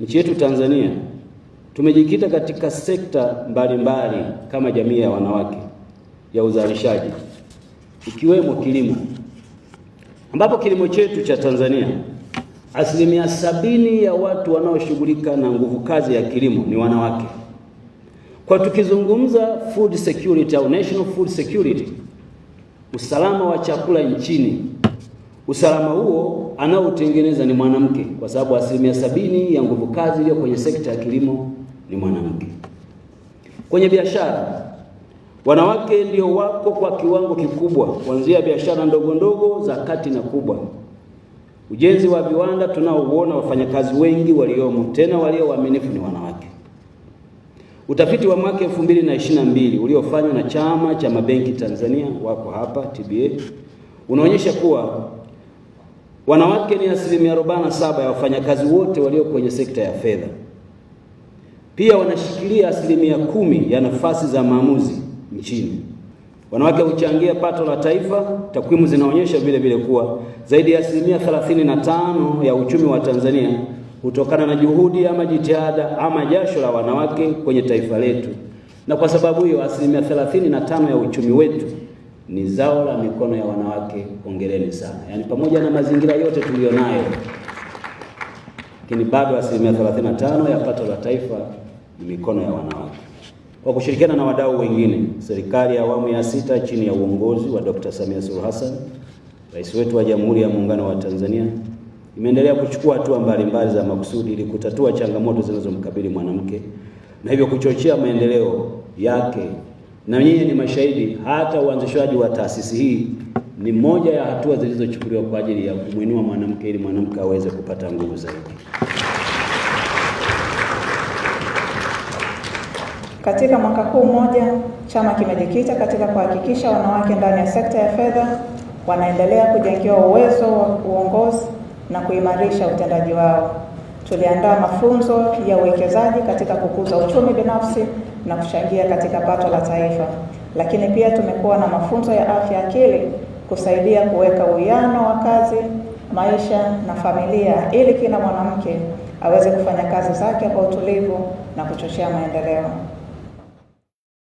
Nchi yetu Tanzania tumejikita katika sekta mbalimbali mbali kama jamii ya wanawake ya uzalishaji ikiwemo kilimo, ambapo kilimo chetu cha Tanzania asilimia sabini ya watu wanaoshughulika na nguvu kazi ya kilimo ni wanawake. Kwa tukizungumza food security au national food security, usalama wa chakula nchini Usalama huo anaotengeneza ni mwanamke, kwa sababu asilimia sabini ya nguvu kazi iliyo kwenye sekta ya kilimo ni mwanamke. Kwenye biashara, wanawake ndio wako kwa kiwango kikubwa, kuanzia biashara ndogo ndogo za kati na kubwa. Ujenzi wa viwanda tunaouona, wafanyakazi wengi waliomo tena walio waaminifu ni wanawake. Utafiti wa mwaka mbili uliofanywa na Chama cha Mabenki Tanzania, wako hapa TBA, unaonyesha kuwa Wanawake ni asilimia 47 ya wafanyakazi wote walio kwenye sekta ya fedha. Pia wanashikilia asilimia kumi ya nafasi za maamuzi nchini. Wanawake huchangia pato la taifa. Takwimu zinaonyesha vile vile kuwa zaidi ya asilimia 35 ya uchumi wa Tanzania hutokana na juhudi ama jitihada ama jasho la wanawake kwenye taifa letu, na kwa sababu hiyo asilimia 35 ya uchumi wetu ni zao la mikono ya wanawake. Hongereni sana. Yaani, pamoja na mazingira yote tuliyonayo, lakini bado asilimia 35 ya pato la taifa ni mikono ya wanawake. Kwa kushirikiana na wadau wengine, serikali ya awamu ya sita chini ya uongozi wa Dr. Samia Suluhu Hassan, rais wetu wa Jamhuri ya Muungano wa Tanzania, imeendelea kuchukua hatua mbalimbali za makusudi ili kutatua changamoto zinazomkabili mwanamke na hivyo kuchochea maendeleo yake na nyinyi ni mashahidi. Hata uanzishwaji wa taasisi hii ni moja ya hatua zilizochukuliwa kwa ajili ya kumwinua mwanamke ili mwanamke aweze kupata nguvu zaidi. Katika mwaka huu mmoja, chama kimejikita katika kuhakikisha wanawake ndani ya sekta ya fedha wanaendelea kujengewa uwezo wa uongozi na kuimarisha utendaji wao. Tuliandaa mafunzo ya uwekezaji katika kukuza uchumi binafsi na kuchangia katika pato la taifa, lakini pia tumekuwa na mafunzo ya afya akili kusaidia kuweka uwiano wa kazi, maisha na familia ili kila mwanamke aweze kufanya kazi zake kwa utulivu na kuchochea maendeleo.